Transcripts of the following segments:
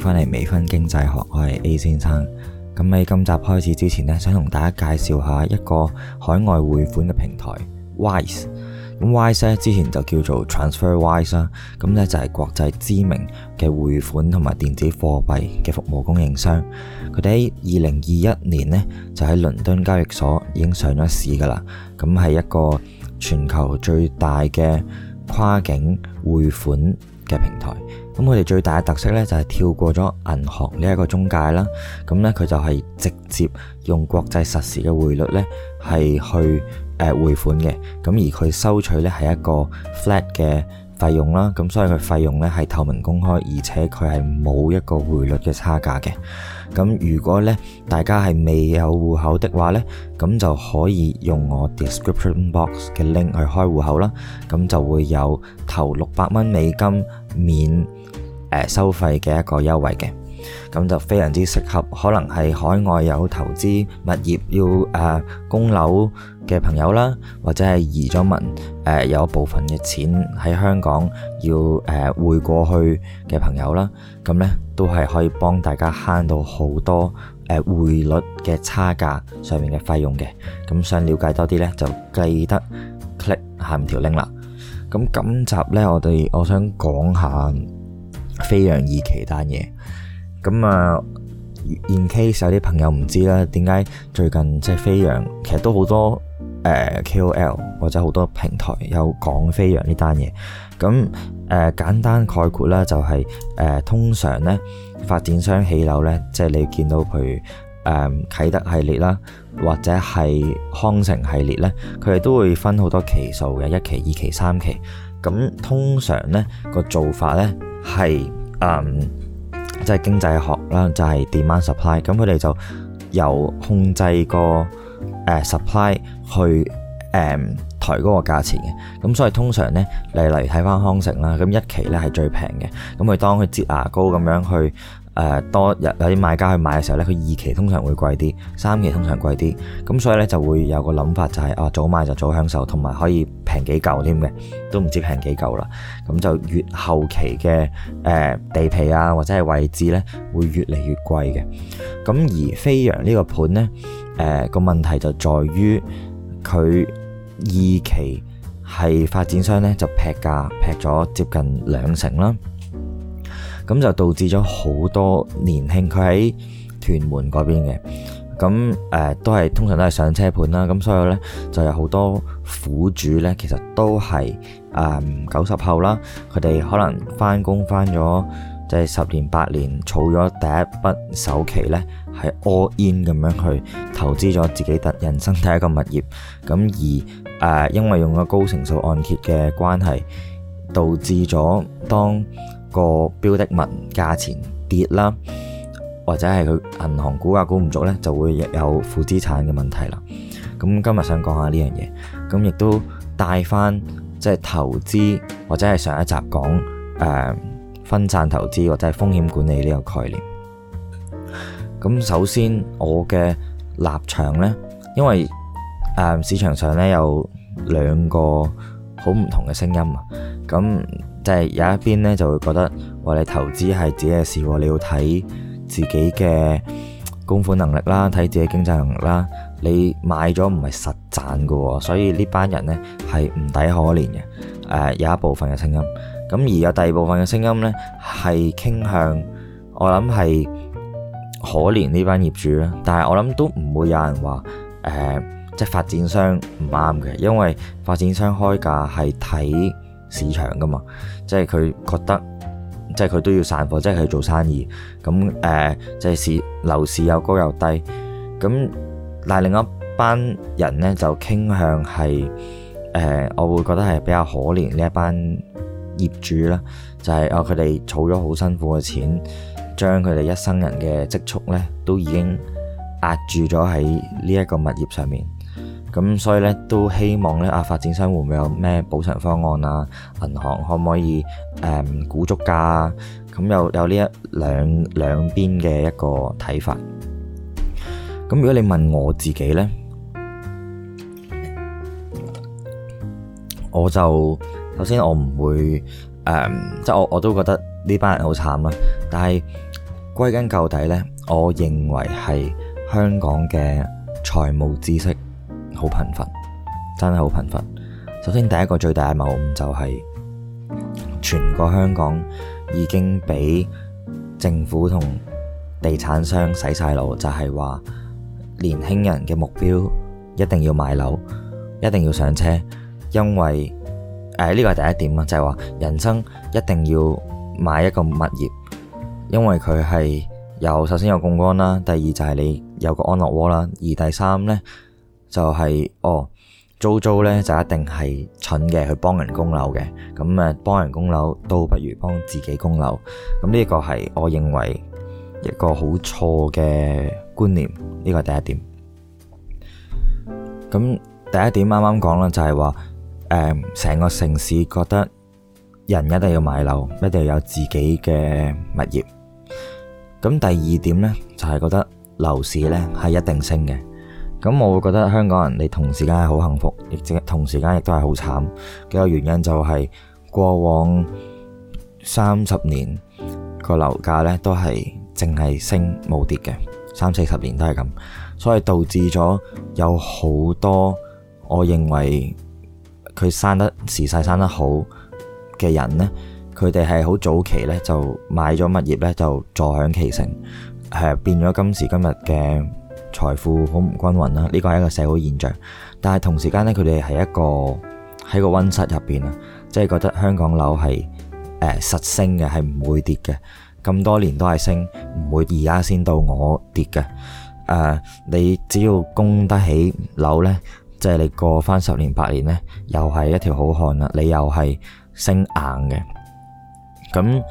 翻嚟微醺經濟學，我係 A 先生。咁喺今集開始之前呢想同大家介紹下一個海外匯款嘅平台 Wise。咁 Wise 咧之前就叫做 Transfer Wise 啦，咁咧就係國際知名嘅匯款同埋電子貨幣嘅服務供應商。佢哋喺二零二一年呢，就喺倫敦交易所已經上咗市噶啦。咁係一個全球最大嘅跨境匯款嘅平台。咁佢哋最大嘅特色咧，就係跳過咗銀行呢一個中介啦。咁咧，佢就係直接用國際實時嘅匯率咧，係去誒匯款嘅。咁而佢收取咧係一個 flat 嘅費用啦。咁所以佢費用咧係透明公開，而且佢係冇一個匯率嘅差價嘅。咁如果咧大家係未有戶口的話咧，咁就可以用我 description box 嘅 link 去開戶口啦。咁就會有頭六百蚊美金免。誒收費嘅一個優惠嘅，咁就非常之適合，可能係海外有投資物業要誒、呃、供樓嘅朋友啦，或者係移咗民誒有部分嘅錢喺香港要誒、呃、匯過去嘅朋友啦，咁呢都係可以幫大家慳到好多誒呃、匯率嘅差價上面嘅費用嘅。咁想了解多啲呢，就記得 click 下面條 link 啦。咁今集呢，我哋我想講下。飛揚二期單嘢，咁啊現 case 有啲朋友唔知啦，點解最近即係飛揚，其實都好多誒 KOL 或者好多平台有講飛揚呢單嘢，咁誒、呃、簡單概括啦，就是，就係誒通常咧發展商起樓咧，即係你見到譬如誒呃、啟德系列啦，或者係康城系列咧，佢哋都會分好多期數嘅，一期、二期、三期，咁通常咧，個做法咧。係，嗯，即、um, 係經濟學啦，就係、是、demand supply，咁佢哋就由控制個誒、uh, supply 去誒抬嗰個價錢嘅，咁所以通常咧嚟嚟睇翻康城啦，咁一期咧係最平嘅，咁佢當佢摺牙膏咁樣去。誒多有有啲買家去買嘅時候咧，佢二期通常會貴啲，三期通常貴啲，咁所以咧就會有個諗法就係、是、哦、啊，早買就早享受，同埋可以平幾嚿添嘅，都唔知平幾嚿啦。咁就越後期嘅誒、呃、地皮啊，或者係位置咧，會越嚟越貴嘅。咁而飛揚呢個盤咧，誒、呃、個問題就在於佢二期係發展商咧就劈價劈咗接近兩成啦。咁就導致咗好多年輕，佢喺屯門嗰邊嘅，咁誒都係通常都係上車盤啦。咁所以咧就有好多苦主咧，其實都係誒九十後啦，佢哋可能翻工翻咗即係十年八年，儲咗第一筆首期咧，係 all in 咁樣去投資咗自己第人生第一個物業。咁而誒、呃、因為用咗高成數按揭嘅關係，導致咗當個標的物價錢跌啦，或者係佢銀行估價估唔足呢，就會有負資產嘅問題啦。咁今日想講下呢樣嘢，咁亦都帶翻即係投資或者係上一集講誒、呃、分散投資或者係風險管理呢個概念。咁首先我嘅立場呢，因為誒、呃、市場上呢有兩個好唔同嘅聲音啊，咁。就係有一邊咧，就會覺得我哋投資係自己嘅事喎，你要睇自己嘅供款能力啦，睇自己經濟能力啦。你買咗唔係實賺㗎，所以呢班人咧係唔抵可憐嘅。誒、呃、有一部分嘅聲音，咁而有第二部分嘅聲音咧，係傾向我諗係可憐呢班業主啦。但係我諗都唔會有人話誒、呃，即係發展商唔啱嘅，因為發展商開價係睇市場㗎嘛，即係佢覺得，即係佢都要散貨，即係佢做生意。咁誒，即、呃、係、就係、市樓市又高又低。咁，但係另一班人呢就傾向係誒、呃，我會覺得係比較可憐呢一班業主啦，就係、係、哦，佢哋儲咗好辛苦嘅錢，將佢哋一生人嘅積蓄呢，都已經壓住咗喺呢一個物業上面。咁所以咧，都希望咧啊，發展商會唔會有咩補償方案啊？銀行可唔可以誒、嗯、估足價啊？咁有有呢一兩兩邊嘅一個睇法。咁如果你問我自己咧，我就首先我唔會誒、嗯，即係我我都覺得呢班人好慘啦。但係歸根究底咧，我認為係香港嘅財務知識。好頻繁，真係好頻繁。首先，第一個最大嘅謬誤就係全個香港已經俾政府同地產商洗晒腦，就係話年輕人嘅目標一定要買樓，一定要上車，因為誒呢個係第一點啊，就係話人生一定要買一個物業，因為佢係有首先有槓桿啦，第二就係你有個安樂窩啦，而第三呢。就係、是、哦，租租咧就一定係蠢嘅，去幫人供樓嘅，咁誒幫人供樓都不如幫自己供樓，咁呢個係我認為一個好錯嘅觀念，呢、這個係第一點。咁第一點啱啱講啦，就係話誒成個城市覺得人一定要買樓，一定要有自己嘅物業。咁第二點咧就係、是、覺得樓市咧係一定升嘅。咁我會覺得香港人你同時間係好幸福，亦同時間亦都係好慘。幾個原因就係過往三十年個樓價呢都係淨係升冇跌嘅，三四十年都係咁，所以導致咗有好多我認為佢生得時勢生得好嘅人呢，佢哋係好早期呢就買咗物業呢就坐享其成，係變咗今時今日嘅。財富好唔均勻啦，呢個係一個社會現象。但係同時間呢，佢哋係一個喺個溫室入邊啊，即係覺得香港樓係誒、呃、實升嘅，係唔會跌嘅。咁多年都係升，唔會而家先到我跌嘅。誒、呃，你只要供得起樓呢，即係你過翻十年八年呢，又係一條好漢啦。你又係升硬嘅。咁誒、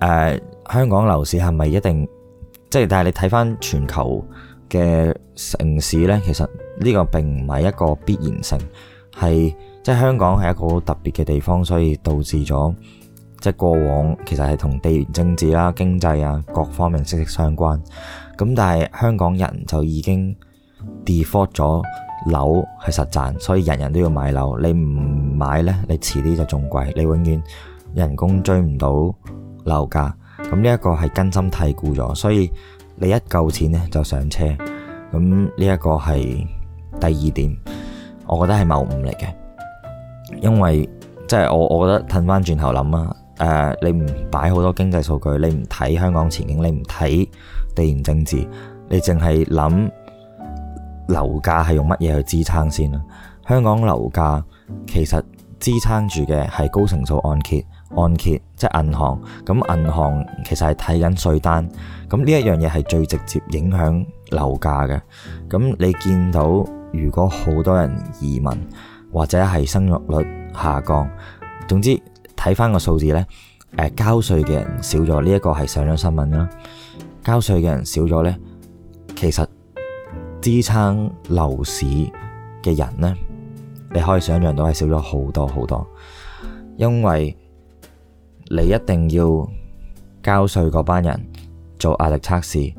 呃，香港樓市係咪一定即係？但係你睇翻全球嘅城市呢，其實呢個並唔係一個必然性，係即係香港係一個好特別嘅地方，所以導致咗即係過往其實係同地緣政治啦、經濟啊各方面息息相關。咁但係香港人就已經 default 咗樓係實賺，所以人人都要買樓，你唔買呢，你遲啲就仲貴，你永遠人工追唔到樓價，咁呢一個係根深蒂固咗，所以。你一夠錢咧就上車，咁呢一個係第二點，我覺得係謬誤嚟嘅，因為即係、就是、我，我覺得褪翻轉頭諗啦，誒、呃，你唔擺好多經濟數據，你唔睇香港前景，你唔睇地緣政治，你淨係諗樓價係用乜嘢去支撐先啦？香港樓價其實支撐住嘅係高成數按揭。按揭即係銀行咁，銀行其實係睇緊稅單，咁呢一樣嘢係最直接影響樓價嘅。咁你見到如果好多人移民或者係生育率下降，總之睇翻個數字呢，誒交稅嘅人少咗，呢一個係上咗新聞啦。交稅嘅人少咗呢。其實支撐樓市嘅人呢，你可以想象，到係少咗好多好多，因為。你一定要交稅嗰班人做壓力測試，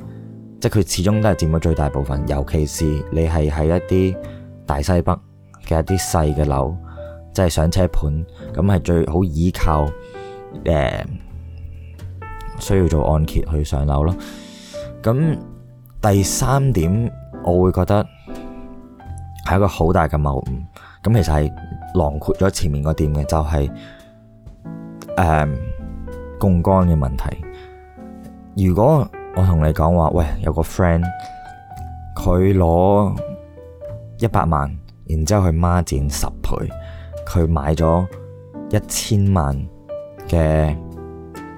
即係佢始終都係佔咗最大部分，尤其是你係喺一啲大西北嘅一啲細嘅樓，即係上車盤，咁係最好依靠誒，需要做按揭去上樓咯。咁第三點我會覺得係一個好大嘅謬誤，咁其實係囊括咗前面個點嘅，就係、是。誒，槓桿嘅問題。如果我同你講話，喂，有個 friend 佢攞一百萬，然之後去孖展十倍，佢買咗一千萬嘅。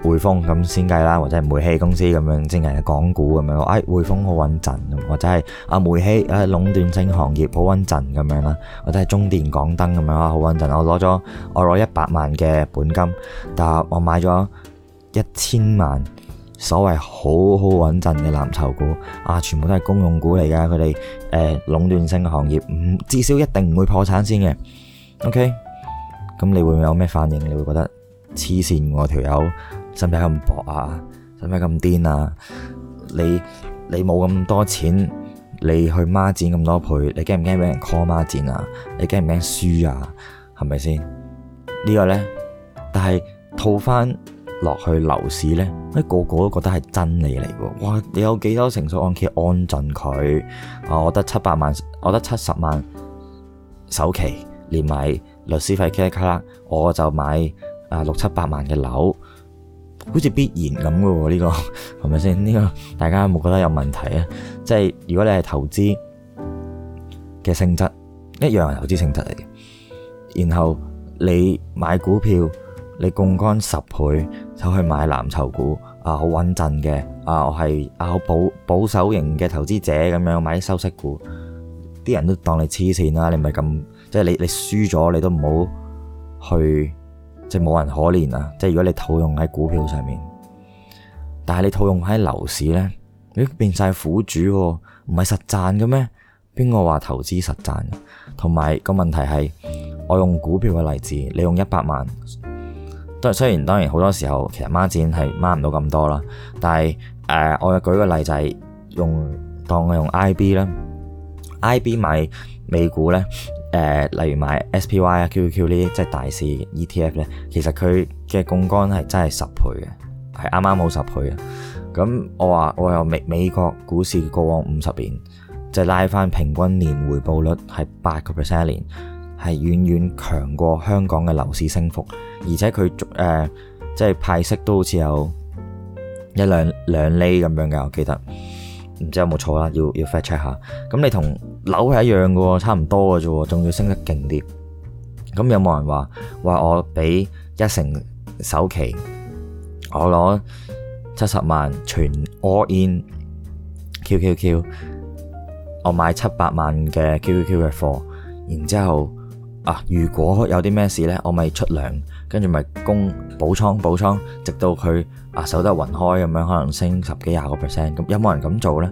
匯豐咁先計啦，或者係煤氣公司咁樣，淨係港股咁樣。哎，匯豐好穩陣，或者係阿煤氣誒壟斷性行業好穩陣咁樣啦，或者係中電港燈咁樣啦，好穩陣。我攞咗我攞一百萬嘅本金，但我買咗一千萬所謂好好穩陣嘅藍籌股啊，全部都係公用股嚟㗎。佢哋誒壟斷性行業唔至少一定唔會破產先嘅。O K，咁你會唔會有咩反應？你會覺得黐線喎條友？使咩咁薄啊？使咩咁癲啊？你你冇咁多錢，你去孖展咁多倍，你驚唔驚俾人 call 孖展啊？你驚唔驚輸啊？係咪先？呢、呢個呢，但係套翻落去樓市呢，咧個個都覺得係真理嚟嘅。哇！你有幾多成數按揭安進佢？我得七百萬，我得七十萬首期，連埋律師費卡卡，我就買啊六七百萬嘅樓。好似必然咁噶喎，呢、這個係咪先？呢、這個大家有冇覺得有問題啊？即係如果你係投資嘅性質，一樣係投資性質嚟嘅。然後你買股票，你槓杆十倍就去買藍籌股，啊好穩陣嘅，啊我係啊好保保守型嘅投資者咁樣買啲收息股，啲人都當你黐線啦，你唔係咁，即係你你輸咗你都唔好去。即係冇人可憐啊！即係如果你套用喺股票上面，但係你套用喺樓市咧，你變晒苦主、啊，唔係實賺嘅咩？邊個話投資實賺？同埋個問題係，我用股票嘅例子，你用一百萬，都雖然當然好多時候其實孖展係孖唔到咁多啦，但係誒、呃，我又舉個例就係用當我用 IB 啦 IB 買美股咧。誒、呃，例如買 SPY 啊、QQQ 呢啲即係大市 ETF 咧，其實佢嘅槓桿係真係十倍嘅，係啱啱冇十倍啊！咁我話我又美美國股市過往五十年即係拉返平均年回報率係八個 percent 一年，係遠遠強過香港嘅樓市升幅，而且佢誒、呃、即係派息都好似有一兩兩厘咁樣嘅，我記得。唔知有冇錯啦，要要快 check 下。咁你同樓係一樣嘅喎，差唔多嘅啫，仲要升得勁啲。咁有冇人話話我畀一成首期，我攞七十萬全 all in QQQ，我買七百萬嘅 QQQ 嘅貨，然之後。啊！如果有啲咩事呢？我咪出糧，跟住咪供補倉補倉，直到佢啊守得雲開咁樣，可能升十幾廿個 percent 咁，有冇人咁做呢？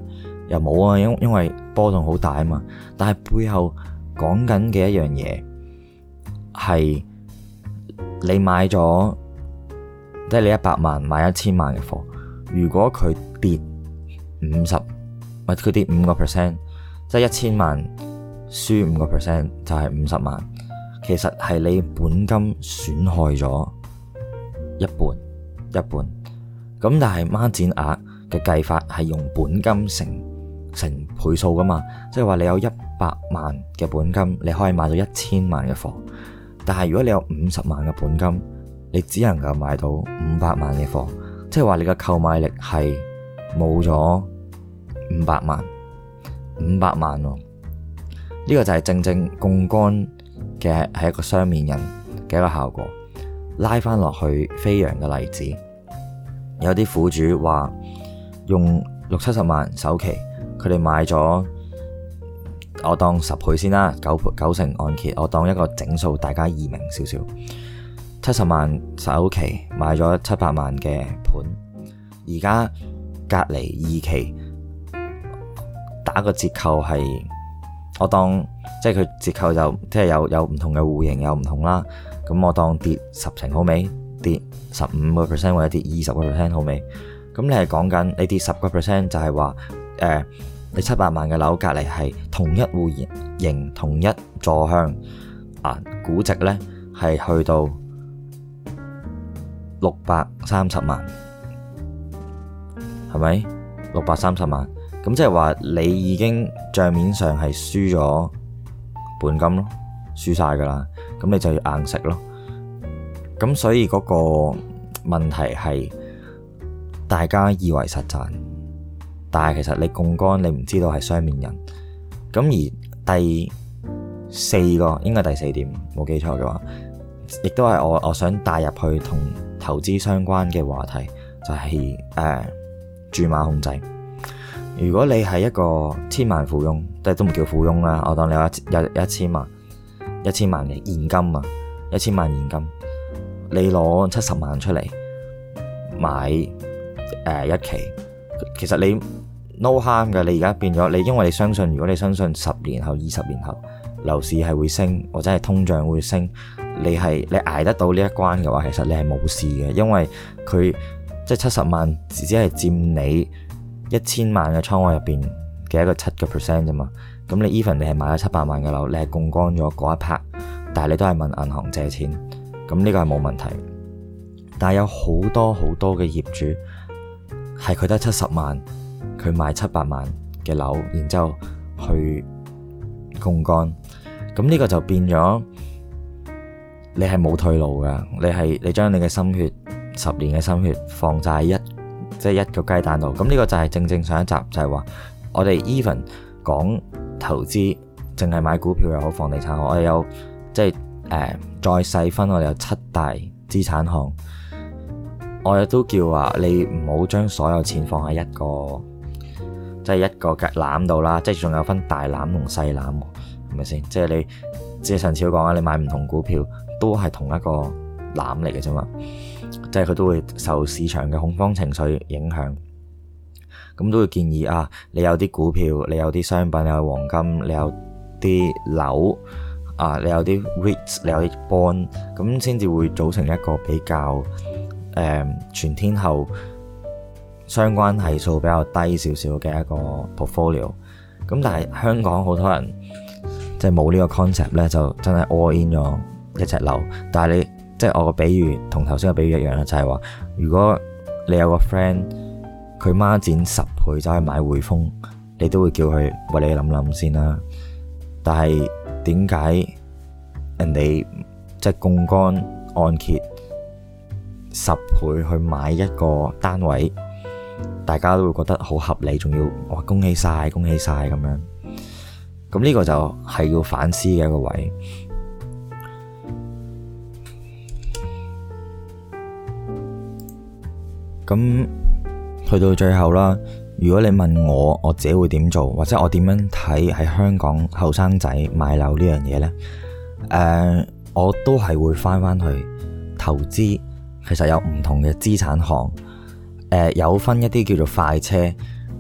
又冇啊，因因為波動好大啊嘛。但係背後講緊嘅一樣嘢係你買咗即係你一百萬買一千萬嘅貨，如果佢跌五十，咪佢跌五個 percent，即係一千萬輸五個 percent 就係五十萬。其實係你本金損害咗一半，一半咁，但係孖展額嘅計法係用本金成成倍數㗎嘛？即係話你有一百萬嘅本金，你可以買到一千萬嘅貨，但係如果你有五十萬嘅本金，你只能夠買到五百萬嘅貨，即係話你嘅購買力係冇咗五百萬，五百萬喎、哦，呢、這個就係正正槓桿。嘅係一個雙面人嘅一個效果，拉翻落去飛揚嘅例子，有啲苦主話用六七十萬首期，佢哋買咗，我當十倍先啦，九九成按揭，我當一個整數，大家易明少少，七十萬首期買咗七百萬嘅盤，而家隔籬二期打個折扣係，我當。即係佢折扣就即係有有唔同嘅戶型，有唔同啦。咁我當跌十成好未跌十五個 percent，或者跌二十個 percent 好未？咁你係講緊你跌十個 percent，就係話誒你七百萬嘅樓隔籬係同一戶型同一座向啊，估值咧係去到六百三十萬，係咪六百三十萬？咁即係話你已經帳面上係輸咗。本金咯，輸晒噶啦，咁你就要硬食咯。咁所以嗰個問題係大家以為實賺，但係其實你槓桿你唔知道係雙面人。咁而第四個應該第四點，冇記錯嘅話，亦都係我我想帶入去同投資相關嘅話題，就係、是、誒、呃、注碼控制。如果你係一個千萬富翁，都都唔叫富翁啦，我當你有一千萬、一千萬現金啊，一千萬現金，你攞七十萬出嚟買誒、呃、一期，其實你 no harm 嘅，你而家變咗你，因為你相信，如果你相信十年後、二十年後樓市係會升，或者係通脹會升，你係你捱得到呢一關嘅話，其實你係冇事嘅，因為佢即係七十萬只只係佔你。一千萬嘅倉位入邊嘅一個七個 percent 啫嘛，咁你 even 你係買咗七百萬嘅樓，你係槓桿咗嗰一 part，但係你都係問銀行借錢，咁呢個係冇問題。但係有好多好多嘅業主係佢得七十萬，佢買七百萬嘅樓，然之後去槓桿，咁呢個就變咗你係冇退路噶，你係你將你嘅心血十年嘅心血放晒一。即係一個雞蛋度，咁呢個就係正正上一集就係話，我哋 even 講投資，淨係買股票又好，房地產我哋有即係誒再細分，我哋有，呃，有七大資產項，我哋都叫話你唔好將所有錢放喺一個，即係一個籃度啦，即係仲有分大籃同細籃，係咪先？即係你即係上次都講啦，你買唔同股票都係同一個籃嚟嘅啫嘛。即係佢都會受市場嘅恐慌情緒影響，咁都會建議啊，你有啲股票，你有啲商品，你有黃金，你有啲樓啊，你有啲 r i t e 你有啲 b o n 咁先至會組成一個比較誒、嗯、全天候相關係數比較低少少嘅一個 portfolio。咁但係香港好多人即係冇呢個 concept 咧，就真係 all in 咗一隻樓，但係你。即係我個比喻，同頭先個比喻一樣啦，就係話，如果你有個 friend 佢孖展十倍走去買匯豐，你都會叫佢，喂，你諗諗先啦。但係點解人哋即係槓桿按揭十倍去買一個單位，大家都會覺得好合理，仲要哇，恭喜晒，恭喜晒咁樣。咁呢個就係要反思嘅一個位。咁去到最後啦，如果你問我我自己會點做，或者我點樣睇喺香港後生仔買樓呢樣嘢呢？誒，uh, 我都係會翻翻去投資，其實有唔同嘅資產項，uh, 有分一啲叫做快車，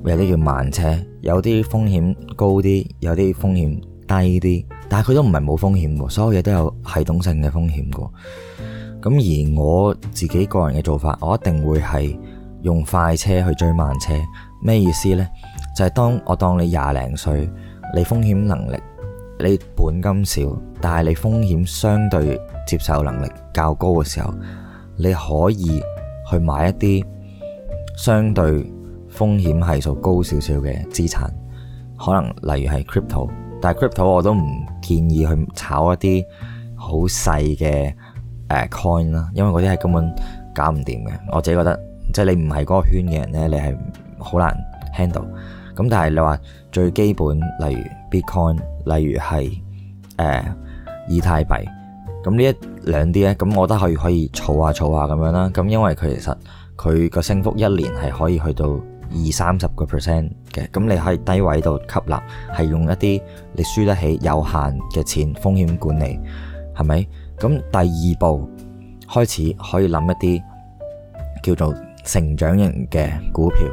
有啲叫慢車，有啲風險高啲，有啲風險低啲，但係佢都唔係冇風險嘅，所有嘢都有系統性嘅風險嘅。咁而我自己個人嘅做法，我一定會係用快車去追慢車。咩意思呢？就係、是、當我當你廿零歲，你風險能力、你本金少，但係你風險相對接受能力較高嘅時候，你可以去買一啲相對風險係數高少少嘅資產，可能例如係 crypto，但係 crypto 我都唔建議去炒一啲好細嘅。誒 coin 啦，因為嗰啲係根本搞唔掂嘅。我自己覺得，即係你唔係嗰個圈嘅人咧，你係好難 handle。咁但係你話最基本，例如 bitcoin，例如係誒、呃、以太幣，咁呢一兩啲咧，咁我覺得可以可以儲下儲下咁樣啦。咁因為佢其實佢個升幅一年係可以去到二三十個 percent 嘅。咁你喺低位度吸納，係用一啲你輸得起有限嘅錢風險管理，係咪？咁第二步開始可以諗一啲叫做成長型嘅股票，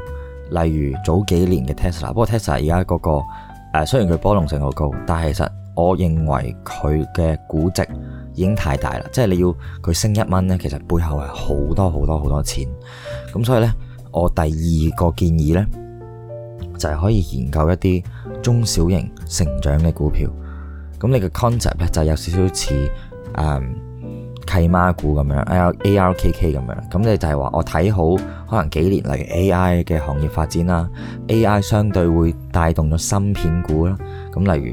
例如早幾年嘅 Tesla。不過 Tesla 而家嗰、那個誒，雖然佢波動性好高，但係其實我認為佢嘅估值已經太大啦。即係你要佢升一蚊咧，其實背後係好多好多好多錢。咁所以咧，我第二個建議咧就係、是、可以研究一啲中小型成長嘅股票。咁你嘅 concept 咧就有少少似。誒、um, 契媽股咁樣，誒 ARKK 咁樣，咁你就係話我睇好可能幾年，嚟 AI 嘅行業發展啦，AI 相對會帶動咗芯片股啦，咁例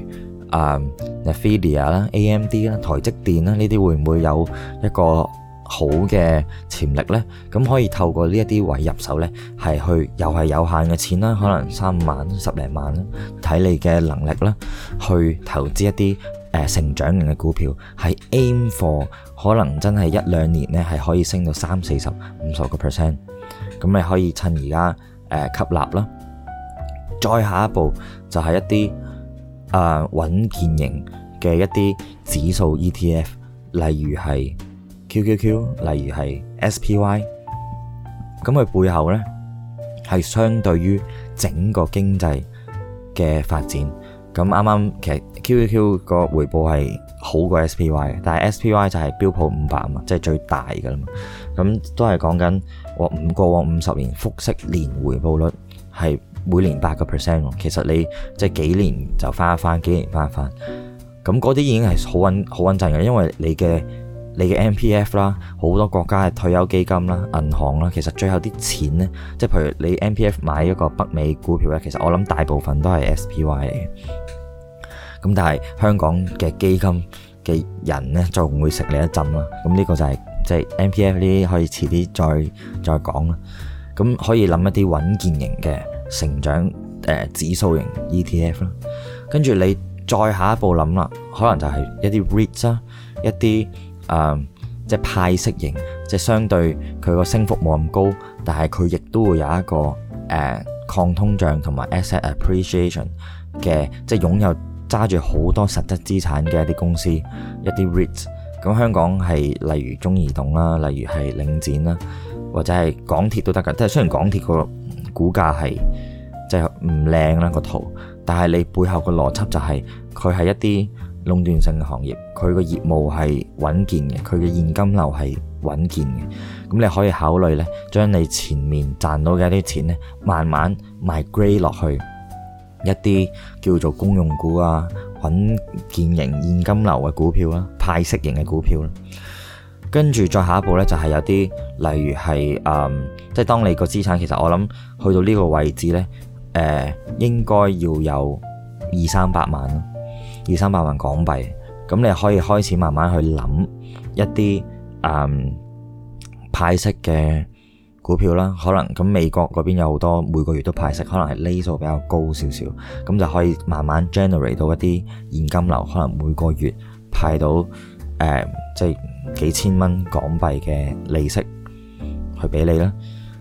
如誒、um, Nvidia 啦、AMD 啦、台積電啦，呢啲會唔會有一個好嘅潛力呢？咁可以透過呢一啲位入手呢，係去又係有限嘅錢啦，可能三五萬、十零萬啦，睇你嘅能力啦，去投資一啲。成長型嘅股票喺 aim for，可能真係一兩年呢，係可以升到三四十、五十個 percent，咁你可以趁而家誒吸納啦。再下一步就係一啲誒、呃、穩健型嘅一啲指數 ETF，例如係 QQQ，例如係 SPY，咁佢背後呢，係相對於整個經濟嘅發展。咁啱啱其實 QQQ 個回報係好過 SPY 嘅，但係 SPY 就係標普五百啊嘛，即係最大嘅啦嘛。咁都係講緊我五過往五十年複式年回報率係每年八個 percent 喎。其實你即係幾年就翻一翻，幾年翻一翻。咁嗰啲已經係好穩好穩陣嘅，因為你嘅你嘅 M P F 啦，好多國家嘅退休基金啦、銀行啦，其實最後啲錢咧，即係譬如你 M P F 買一個北美股票咧，其實我諗大部分都係 S P Y 嚟嘅。咁但係香港嘅基金嘅人咧就唔會食你一陣啦。咁呢個就係、是、即係、就是、M P F 呢啲可以遲啲再再講啦。咁可以諗一啲穩健型嘅成長誒、呃、指數型 E T F 啦。跟住你再下一步諗啦，可能就係一啲 REIT 啊，一啲。誒、um，即係派息型，即係相對佢個升幅冇咁高，但係佢亦都會有一個誒、uh, 抗通脹同埋 asset appreciation 嘅，即係擁有揸住好多實質資產嘅一啲公司，一啲 REIT。咁香港係例如中移動啦，例如係領展啦，或者係港鐵都得㗎。即係雖然港鐵個股價係即係唔靚啦個圖，但係你背後個邏輯就係佢係一啲。壟斷性嘅行業，佢個業務係穩健嘅，佢嘅現金流係穩健嘅。咁你可以考慮呢，將你前面賺到嘅一啲錢呢，慢慢 migrate 落去一啲叫做公用股啊，穩健型現金流嘅股票啦，啊，派息型嘅股票啦，啊。跟住再下一步呢，就係、是、有啲例如係、um, 即係當你個資產其實我諗去到呢個位置呢，誒、呃，應該要有二三百萬咯。二三百萬港幣，咁你可以開始慢慢去諗一啲誒、嗯、派息嘅股票啦。可能咁美國嗰邊有好多每個月都派息，可能係厘數比較高少少，咁就可以慢慢 generate 到一啲現金流，可能每個月派到誒、嗯、即係幾千蚊港幣嘅利息去俾你啦。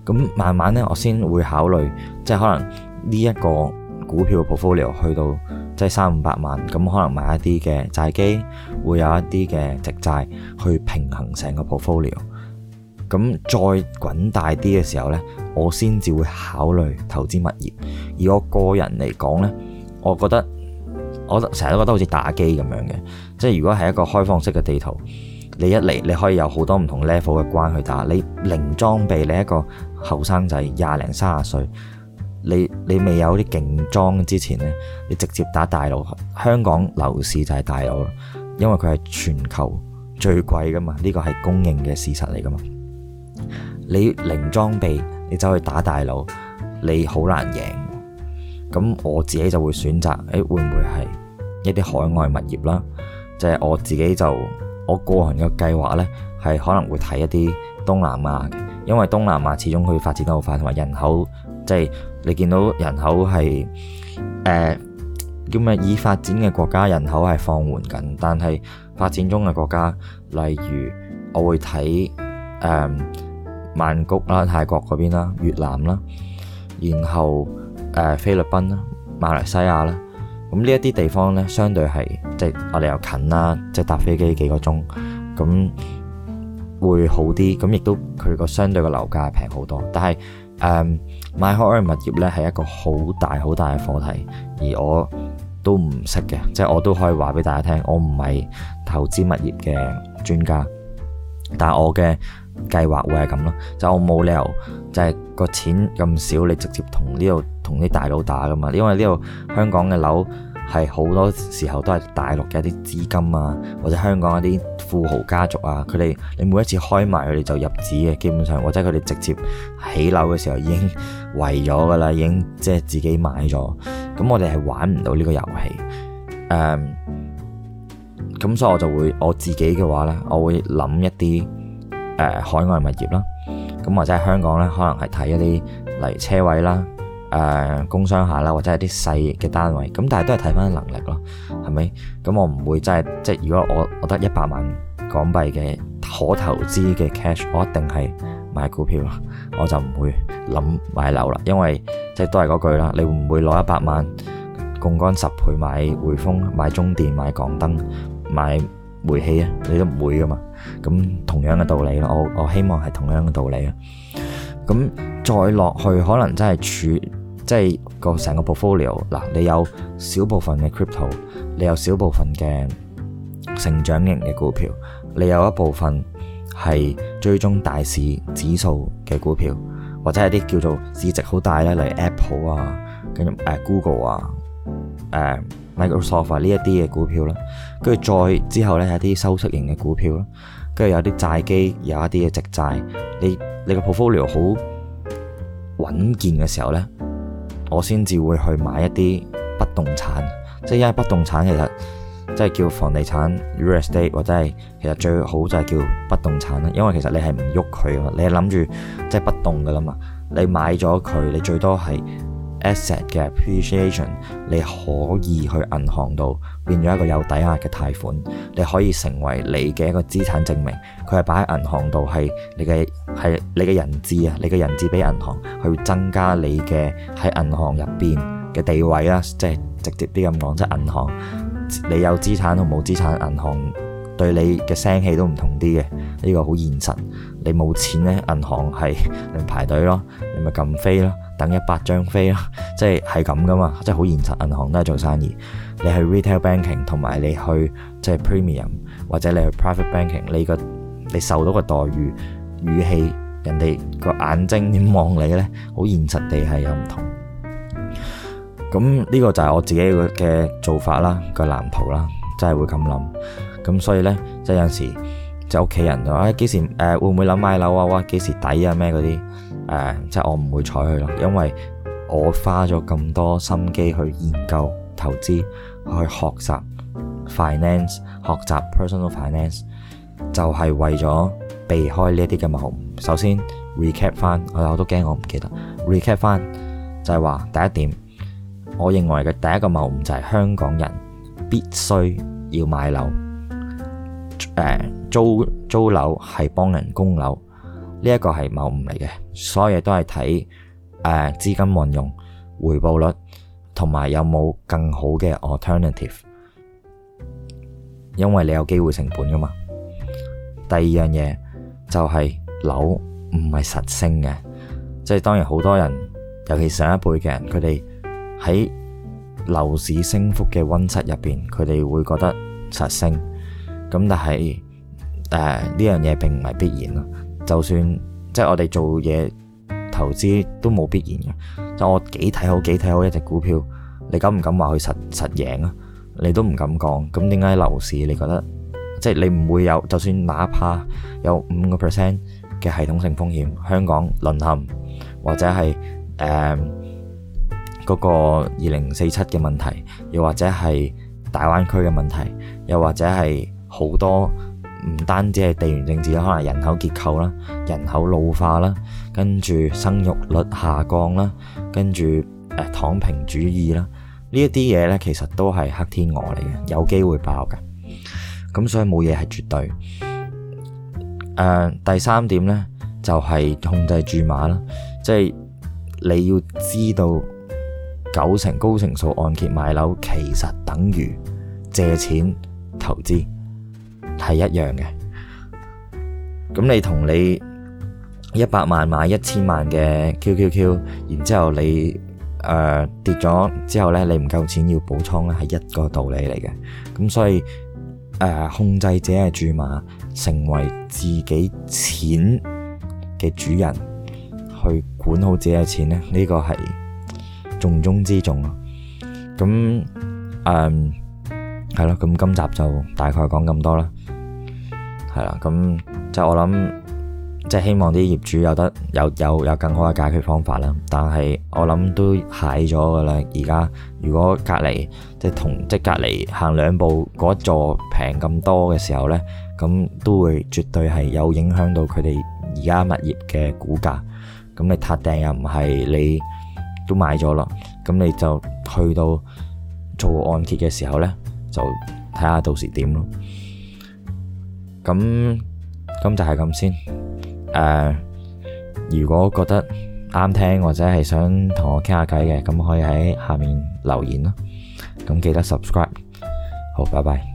咁慢慢咧，我先會考慮，即係可能呢一個股票嘅 portfolio 去到。即係三五百萬，咁可能買一啲嘅債基，會有一啲嘅直債去平衡成個 portfolio。咁再滾大啲嘅時候呢，我先至會考慮投資物業。而我個人嚟講呢，我覺得我成日都覺得好似打機咁樣嘅，即係如果係一個開放式嘅地圖，你一嚟你可以有好多唔同 level 嘅關去打，你零裝備，你一個後生仔廿零三十歲。你你未有啲勁裝之前呢，你直接打大佬，香港樓市就係大佬咯，因為佢係全球最貴㗎嘛，呢個係公認嘅事實嚟㗎嘛。你零裝備，你走去打大佬，你好難贏。咁我自己就會選擇誒，會唔會係一啲海外物業啦？就係我自己就我個人嘅計劃呢，係可能會睇一啲東南亞嘅，因為東南亞始終佢發展得好快，同埋人口即係。就是你見到人口係誒、呃、叫咩？已發展嘅國家人口係放緩緊，但係發展中嘅國家，例如我會睇誒、呃、曼谷啦、泰國嗰邊啦、越南啦，然後誒、呃、菲律賓啦、馬來西亞啦，咁呢一啲地方咧，相對係即係我哋又近啦，即係搭飛機幾個鐘，咁會好啲。咁亦都佢個相對嘅樓價係平好多，但係，誒買海外物業咧係一個好大好大嘅課題，而我都唔識嘅，即係我都可以話俾大家聽，我唔係投資物業嘅專家，但係我嘅計劃會係咁咯，就我冇理由就係個錢咁少，你直接同呢度同啲大佬打㗎嘛，因為呢度香港嘅樓。係好多時候都係大陸嘅一啲資金啊，或者香港一啲富豪家族啊，佢哋你每一次開賣佢哋就入紙嘅，基本上或者佢哋直接起樓嘅時候已經圍咗㗎啦，已經即係自己買咗。咁我哋係玩唔到呢個遊戲，誒，咁所以我就會我自己嘅話咧，我會諗一啲誒、呃、海外物業啦，咁或者喺香港咧，可能係睇一啲例如車位啦。誒、呃、工商下啦，或者係啲細嘅單位，咁但係都係睇返能力咯，係咪？咁我唔會真係即係，如果我我得一百萬港幣嘅可投資嘅 cash，我一定係買股票啦，我就唔會諗買樓啦，因為即係都係嗰句啦，你會唔會攞一百萬槓桿十倍買匯豐、買中電、買港燈、買煤氣啊？你都唔會㗎嘛。咁同樣嘅道理咯，我我希望係同樣嘅道理啊。咁再落去可能真係處。即係個成個 portfolio，嗱，你有小部分嘅 crypto，你有小部分嘅成長型嘅股票，你有一部分係追蹤大市指數嘅股票，或者係啲叫做市值好大咧，例如 Apple 啊，跟住誒 Google 啊，誒 Microsoft 啊呢一啲嘅股票啦，跟住再之後咧係啲收息型嘅股票啦，跟住有啲債基，有一啲嘅直債，你你個 portfolio 好穩健嘅時候咧。我先至會去買一啲不動產，即係因為不動產其實即係叫房地產 （real estate） 或者係其實最好就係叫不動產啦，因為其實你係唔喐佢啊，你係諗住即係不動㗎喇嘛，你買咗佢，你最多係 asset 嘅 appreciation，你可以去銀行度。變咗一個有抵押嘅貸款，你可以成為你嘅一個資產證明。佢係擺喺銀行度，係你嘅係你嘅人資啊，你嘅人資俾銀行去增加你嘅喺銀行入邊嘅地位啦。即係直接啲咁講，即係銀行你有資產同冇資產，銀行。對你嘅聲氣都唔同啲嘅，呢個好現實。你冇錢呢，銀行係你排隊咯，你咪撳飛咯，等一百張飛咯，即係係咁㗎嘛，即係好現實。銀行都係做生意。你去 retail banking 同埋你去即係 premium 或者你去 private banking，你個你受到嘅待遇、語氣、人哋個眼睛點望你呢？好現實地係有唔同。咁呢個就係我自己嘅做法啦，個藍圖啦，真係會咁諗。咁所以呢，即係有陣時、哎、時，就屋企人話，誒幾時誒會唔會諗買樓啊？哇，幾時抵啊？咩嗰啲誒，即係我唔會睬佢咯，因為我花咗咁多心機去研究投資，去學習 finance，學習 personal finance，就係為咗避開呢啲嘅謬誤。首先 recap 翻，我我都驚我唔記得 recap 翻，就係、是、話第一點，我認為嘅第一個謬誤就係香港人必須要買樓。租租,租樓係幫人供樓，呢、這、一個係謬誤嚟嘅。所有嘢都係睇誒資金運用回報率，同埋有冇更好嘅 alternative。因為你有機會成本噶嘛。第二樣嘢就係樓唔係實升嘅，即、就、係、是、當然好多人，尤其上一輩嘅人，佢哋喺樓市升幅嘅温室入邊，佢哋會覺得實升。咁但係誒呢樣嘢並唔係必然咯。就算即係我哋做嘢投資都冇必然嘅。即係我幾睇好幾睇好一隻股票，你敢唔敢話佢實實贏啊？你都唔敢講。咁點解樓市？你覺得即係你唔會有？就算哪怕有五個 percent 嘅系統性風險，香港淪陷或者係誒嗰個二零四七嘅問題，又或者係大灣區嘅問題，又或者係。好多唔單止係地緣政治啦，可能人口結構啦、人口老化啦，跟住生育率下降啦，跟住誒、呃、躺平主義啦，呢一啲嘢咧，其實都係黑天鵝嚟嘅，有機會爆嘅。咁所以冇嘢係絕對。誒、呃，第三點咧就係、是、控制住馬啦，即係你要知道九成高成數按揭買樓，其實等於借錢投資。係一樣嘅，咁你同你一百萬買一千萬嘅 Q Q Q，然後、呃、之後你誒跌咗之後咧，你唔夠錢要補倉咧，係一個道理嚟嘅。咁所以誒、呃、控制自己嘅注碼，成為自己錢嘅主人，去管好自己嘅錢咧，呢、這個係重中之重咯。咁誒係咯，咁、呃、今集就大概講咁多啦。係啦，咁就我諗，即係希望啲業主有得有有有更好嘅解決方法啦。但係我諗都蟹咗噶啦。而家如果隔籬即係同即係隔籬行兩步嗰座平咁多嘅時候咧，咁都會絕對係有影響到佢哋而家物業嘅估價。咁你撻訂又唔係你都買咗啦，咁你就去到做按揭嘅時候咧，就睇下到時點咯。咁咁就係咁先，誒，uh，如果覺得啱聽或者係想同我傾下偈嘅，咁可以喺下面留言咯，咁記得 subscribe，好，拜拜。